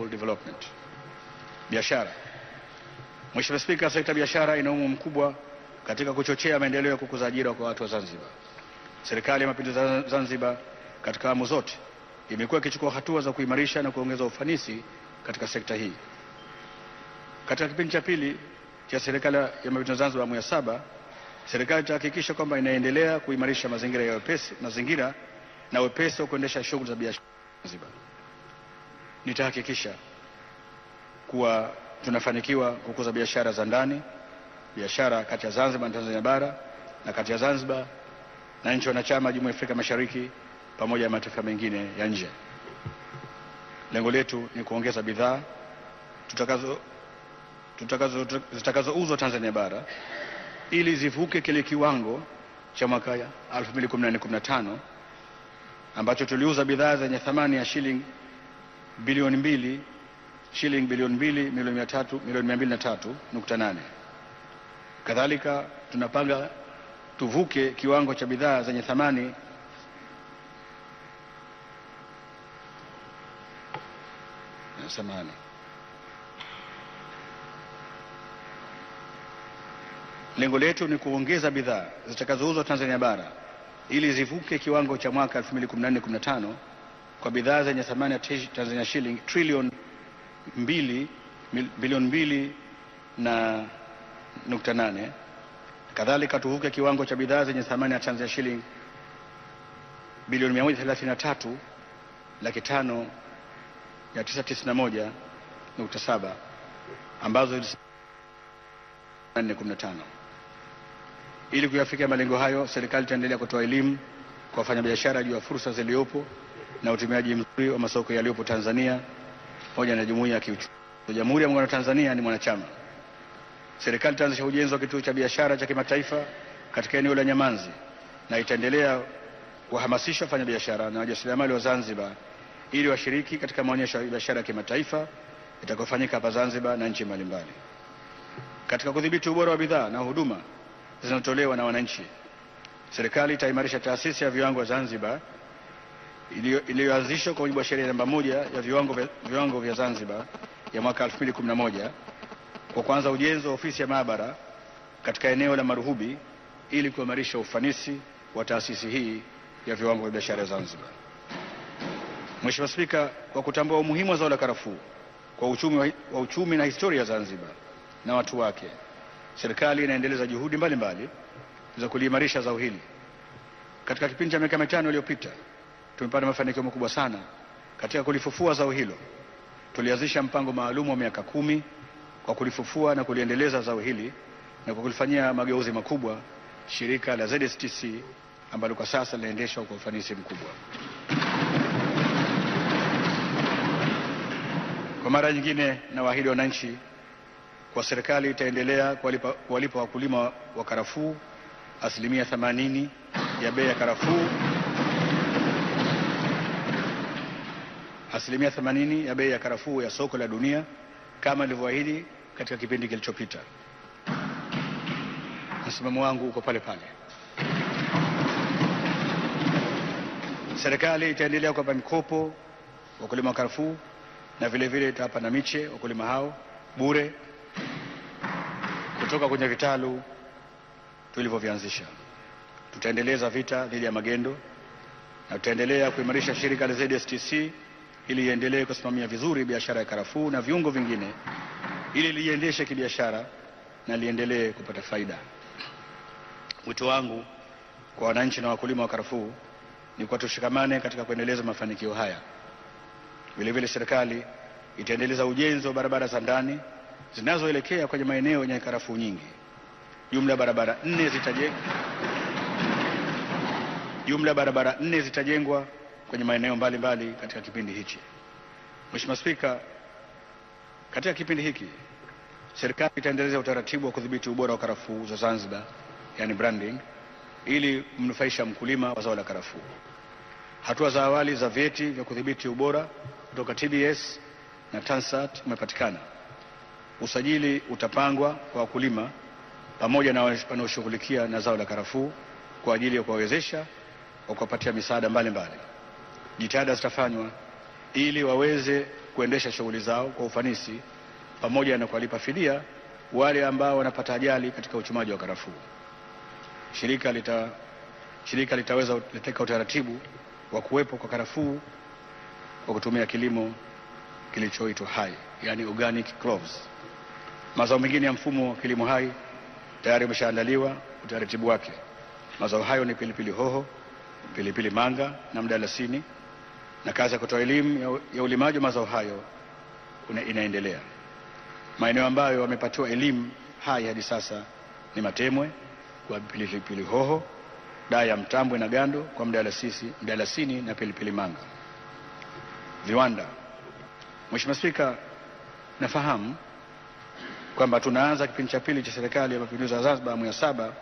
Development. Biashara. Mheshimiwa Spika, sekta biashara ina umuhimu mkubwa katika kuchochea maendeleo ya kukuza ajira kwa watu wa Zanzibar. Serikali ya Mapinduzi ya Zanzibar katika awamu zote imekuwa ikichukua hatua za kuimarisha na kuongeza ufanisi katika sekta hii. Katika kipindi cha pili cha serikali ya Mapinduzi ya Zanzibar awamu ya saba, serikali itahakikisha kwamba inaendelea kuimarisha mazingira ya wepesi, mazingira na wepesi wa kuendesha shughuli za biashara Zanzibar nitahakikisha kuwa tunafanikiwa kukuza biashara za ndani, biashara kati ya Zanzibar na Tanzania bara na kati ya Zanzibar na nchi wanachama Jumuiya ya Afrika Mashariki pamoja na mataifa mengine ya nje. Lengo letu ni kuongeza bidhaa tutakazo tutakazo zitakazouzwa Tanzania bara ili zivuke kile kiwango cha mwaka 2014-15 ambacho tuliuza bidhaa zenye thamani ya shilingi bilioni mbili shilingi bilioni mbili milioni mia tatu milioni mia mbili na tatu nukta nane. Kadhalika tunapanga tuvuke kiwango cha bidhaa zenye thamani samani lengo letu ni kuongeza bidhaa zitakazouzwa Tanzania bara ili zivuke kiwango cha mwaka 2014-15 kwa bidhaa zenye thamani ya Tanzania shilling trilioni mbili bilioni mbili na nukta nane kadhalika tuvuke kiwango cha bidhaa zenye thamani ya Tanzania shilling bilioni 133 laki tano ya tisa tisini na moja nukta saba ambazo ili kuyafikia malengo hayo, serikali itaendelea kutoa elimu kwa wafanyabiashara juu ya fursa zilizopo na utumiaji mzuri wa masoko yaliyopo Tanzania pamoja na jumuiya ya kiuchumi. Jamhuri ya Muungano wa Tanzania ni mwanachama. Serikali itaanzisha ujenzi wa kituo cha biashara cha kimataifa katika eneo la Nyamanzi na itaendelea kuhamasisha wafanyabiashara na wajasiriamali wa Zanzibar ili washiriki katika maonyesho ya biashara ya kimataifa itakayofanyika hapa Zanzibar na nchi mbalimbali. Katika kudhibiti ubora wa bidhaa na huduma zinazotolewa na wananchi, serikali itaimarisha taasisi ya viwango Zanzibar iliyoanzishwa kwa mujibu wa sheria namba moja ya viwango vya, viwango vya Zanzibar ya mwaka 2011 kwa kuanza ujenzi wa ofisi ya maabara katika eneo la Maruhubi ili kuimarisha ufanisi wa taasisi hii ya viwango vya biashara ya Zanzibar. Mheshimiwa Spika, kwa kutambua umuhimu wa zao la karafuu kwa uchumi, wa uchumi na historia ya Zanzibar na watu wake, serikali inaendeleza juhudi mbalimbali mbali za kuliimarisha zao hili. Katika kipindi cha miaka mitano iliyopita tumepata mafanikio makubwa sana katika kulifufua zao hilo. Tulianzisha mpango maalum wa miaka kumi kwa kulifufua na kuliendeleza zao hili na kwa kulifanyia mageuzi makubwa shirika la ZSTC ambalo kwa sasa linaendeshwa kwa ufanisi mkubwa. Kwa mara nyingine, nawaahidi wananchi kwa serikali itaendelea kuwalipa wakulima wa karafuu asilimia 80 ya bei ya karafuu. asilimia 80 ya bei ya karafuu ya soko la dunia kama ilivyoahidi katika kipindi kilichopita. Msimamo wangu uko pale pale. Serikali itaendelea kuwapa mikopo wakulima wa karafuu na vilevile itawapa na miche wakulima hao bure kutoka kwenye vitalu tulivyovianzisha. Tutaendeleza vita dhidi ya magendo na tutaendelea kuimarisha shirika la ZSTC ili iendelee kusimamia vizuri biashara ya karafuu na viungo vingine ili liendeshe kibiashara na liendelee kupata faida. Wito wangu kwa wananchi na wakulima wa karafuu ni kwa tushikamane katika kuendeleza mafanikio haya. Vilevile, serikali itaendeleza ujenzi wa barabara za ndani zinazoelekea kwenye maeneo yenye karafuu nyingi. Jumla barabara nne zitajengwa jumla barabara nne zitajengwa kwenye maeneo mbalimbali katika kipindi hichi. Mheshimiwa Spika, katika kipindi hiki serikali itaendeleza utaratibu wa kudhibiti ubora wa karafuu za Zanzibar, yani branding, ili kumnufaisha mkulima wa zao la karafuu. Hatua za awali za vyeti vya kudhibiti ubora kutoka TBS na Tansat umepatikana. Usajili utapangwa kwa wakulima pamoja na wanaoshughulikia na zao la karafuu kwa ajili ya kuwawezesha kwa kuwapatia misaada mbalimbali mbali jitihada zitafanywa ili waweze kuendesha shughuli zao kwa ufanisi, pamoja na kuwalipa fidia wale ambao wanapata ajali katika uchumaji wa karafuu. Shirika, lita, shirika litaweza litaweka utaratibu wa kuwepo kwa karafuu kwa kutumia kilimo kilichoitwa hai, yani organic crops. Mazao mengine ya mfumo wa kilimo hai tayari umeshaandaliwa utaratibu wake. Mazao hayo ni pilipili hoho, pilipili manga na mdalasini na kazi ya kutoa elimu ya ulimaji wa mazao hayo inaendelea. Maeneo ambayo wamepatiwa elimu hai hadi sasa ni Matemwe kwa pilipili hoho, Daya ya Mtambwe na Gando kwa mdalasini na pilipili manga. Viwanda. Mheshimiwa Spika, nafahamu kwamba tunaanza kipindi cha pili cha Serikali ya Mapinduzi ya Zanzibar awamu ya saba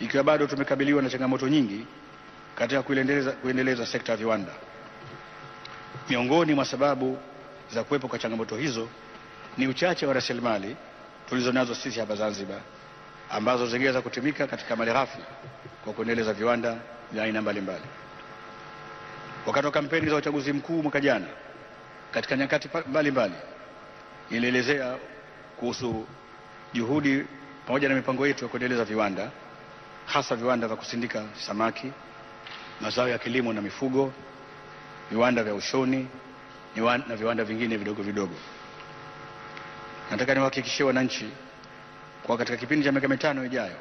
ikiwa bado tumekabiliwa na changamoto nyingi katika kuendeleza, kuendeleza sekta ya viwanda. Miongoni mwa sababu za kuwepo kwa changamoto hizo ni uchache wa rasilimali tulizonazo sisi hapa Zanzibar ambazo zingeweza kutumika katika malighafi kwa kuendeleza viwanda vya aina mbalimbali. Wakati wa kampeni za uchaguzi mkuu mwaka jana, katika nyakati mbalimbali, nilielezea kuhusu juhudi pamoja na mipango yetu ya kuendeleza viwanda, hasa viwanda vya kusindika samaki, mazao ya kilimo na mifugo viwanda vya ushoni na viwanda vingine vidogo vidogo. Nataka niwahakikishie wananchi kwa katika kipindi cha miaka mitano ijayo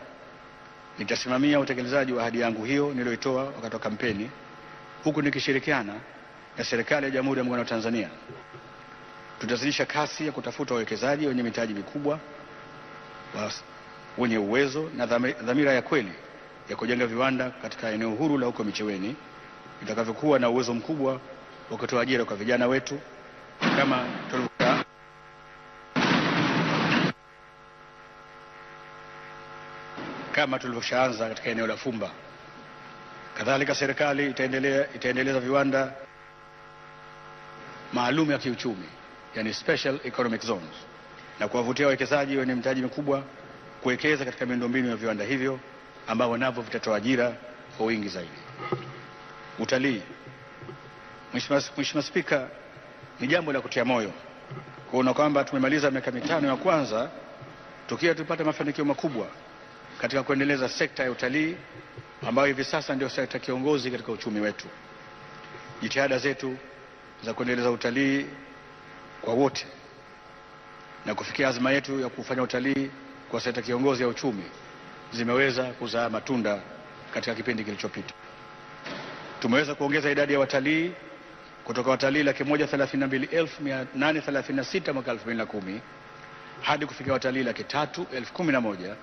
nitasimamia utekelezaji wa ahadi yangu hiyo niliyoitoa wakati wa kampeni, huku nikishirikiana na serikali ya Jamhuri ya Muungano wa Tanzania. Tutazidisha kasi ya kutafuta wawekezaji wenye mitaji mikubwa, wenye uwezo na dhamira ya kweli ya kujenga viwanda katika eneo huru la huko Micheweni itakavyokuwa na uwezo mkubwa wa kutoa ajira kwa vijana wetu kama tulivyokaa kama tulivyoshaanza katika eneo la Fumba. Kadhalika, serikali itaendelea itaendeleza viwanda maalum ya kiuchumi, yani special economic zones, na kuwavutia wawekezaji wenye mitaji mkubwa kuwekeza katika miundombinu ya viwanda hivyo ambavyo navyo vitatoa ajira kwa wingi zaidi utalii. Mheshimiwa Spika, ni jambo la kutia moyo kuona kwamba tumemaliza miaka mitano ya kwanza tukiwa tupata mafanikio makubwa katika kuendeleza sekta ya utalii ambayo hivi sasa ndio sekta kiongozi katika uchumi wetu. Jitihada zetu za kuendeleza utalii kwa wote na kufikia azma yetu ya kufanya utalii kwa sekta kiongozi ya uchumi zimeweza kuzaa matunda katika kipindi kilichopita. Tumeweza kuongeza idadi ya watalii kutoka watalii laki moja thelathini na mbili elfu mia nane thelathini na sita mwaka elfu mbili na kumi hadi kufikia watalii laki tatu elfu kumi na moja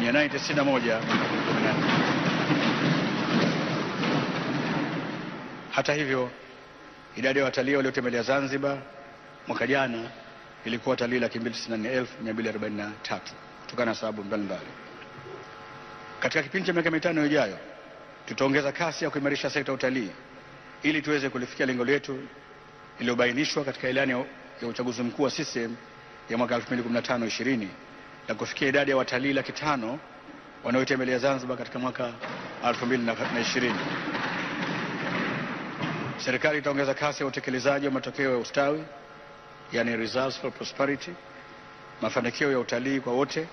mia nane tisini na moja kumi na nne. Hata hivyo idadi ya watalii waliotembelea Zanzibar mwaka jana ilikuwa watalii laki mbili tisini na nne elfu mia mbili arobaini na tatu kutokana na sababu mbalimbali. Katika kipindi cha miaka mitano ijayo Tutaongeza kasi ya kuimarisha sekta ya utalii ili tuweze kulifikia lengo letu lililobainishwa katika ilani ya uchaguzi mkuu wa CCM ya mwaka 2015 2020 na kufikia idadi ya watalii laki tano wanaoitembelea Zanzibar katika mwaka 2020. Serikali itaongeza kasi ya utekelezaji wa matokeo ya ustawi, yani results for prosperity, mafanikio ya utalii kwa wote,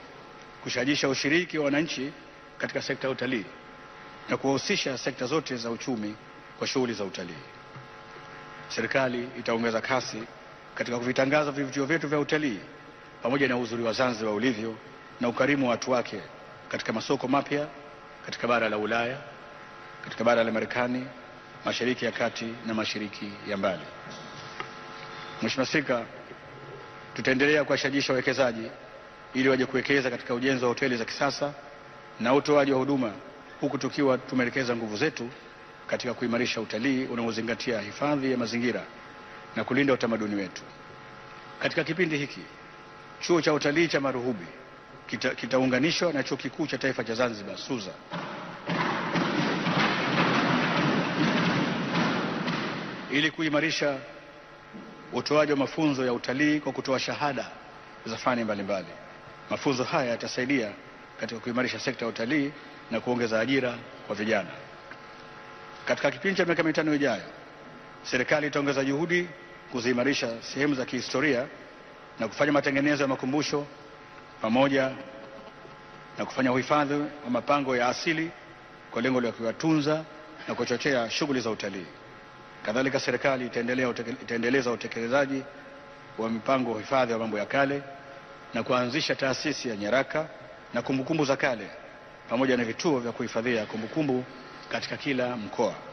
kushajisha ushiriki wa wananchi katika sekta ya utalii na kuwahusisha sekta zote za uchumi kwa shughuli za utalii. Serikali itaongeza kasi katika kuvitangaza vivutio vyetu vya utalii pamoja na uzuri wa Zanzibar ulivyo na ukarimu wa watu wake katika masoko mapya katika bara la Ulaya, katika bara la Marekani, Mashariki ya Kati na Mashariki ya Mbali. Mheshimiwa Spika, tutaendelea kuwashajisha wawekezaji ili waje kuwekeza katika ujenzi wa hoteli za kisasa na utoaji wa huduma huku tukiwa tumeelekeza nguvu zetu katika kuimarisha utalii unaozingatia hifadhi ya mazingira na kulinda utamaduni wetu. Katika kipindi hiki chuo cha utalii cha Maruhubi kitaunganishwa kita na chuo kikuu cha taifa cha Zanzibar SUZA ili kuimarisha utoaji wa mafunzo ya utalii kwa kutoa shahada za fani mbalimbali. Mafunzo haya yatasaidia katika kuimarisha sekta ya utalii na kuongeza ajira kwa vijana. Katika kipindi cha miaka mitano ijayo, serikali itaongeza juhudi kuziimarisha sehemu za kihistoria na kufanya matengenezo ya makumbusho pamoja na kufanya uhifadhi wa mapango ya asili kwa lengo la kuyatunza na kuchochea shughuli za utalii. Kadhalika, serikali itaendeleza utekelezaji wa mipango ya uhifadhi wa mambo ya kale na kuanzisha taasisi ya nyaraka na kumbukumbu za kale pamoja na vituo vya kuhifadhia kumbukumbu katika kila mkoa.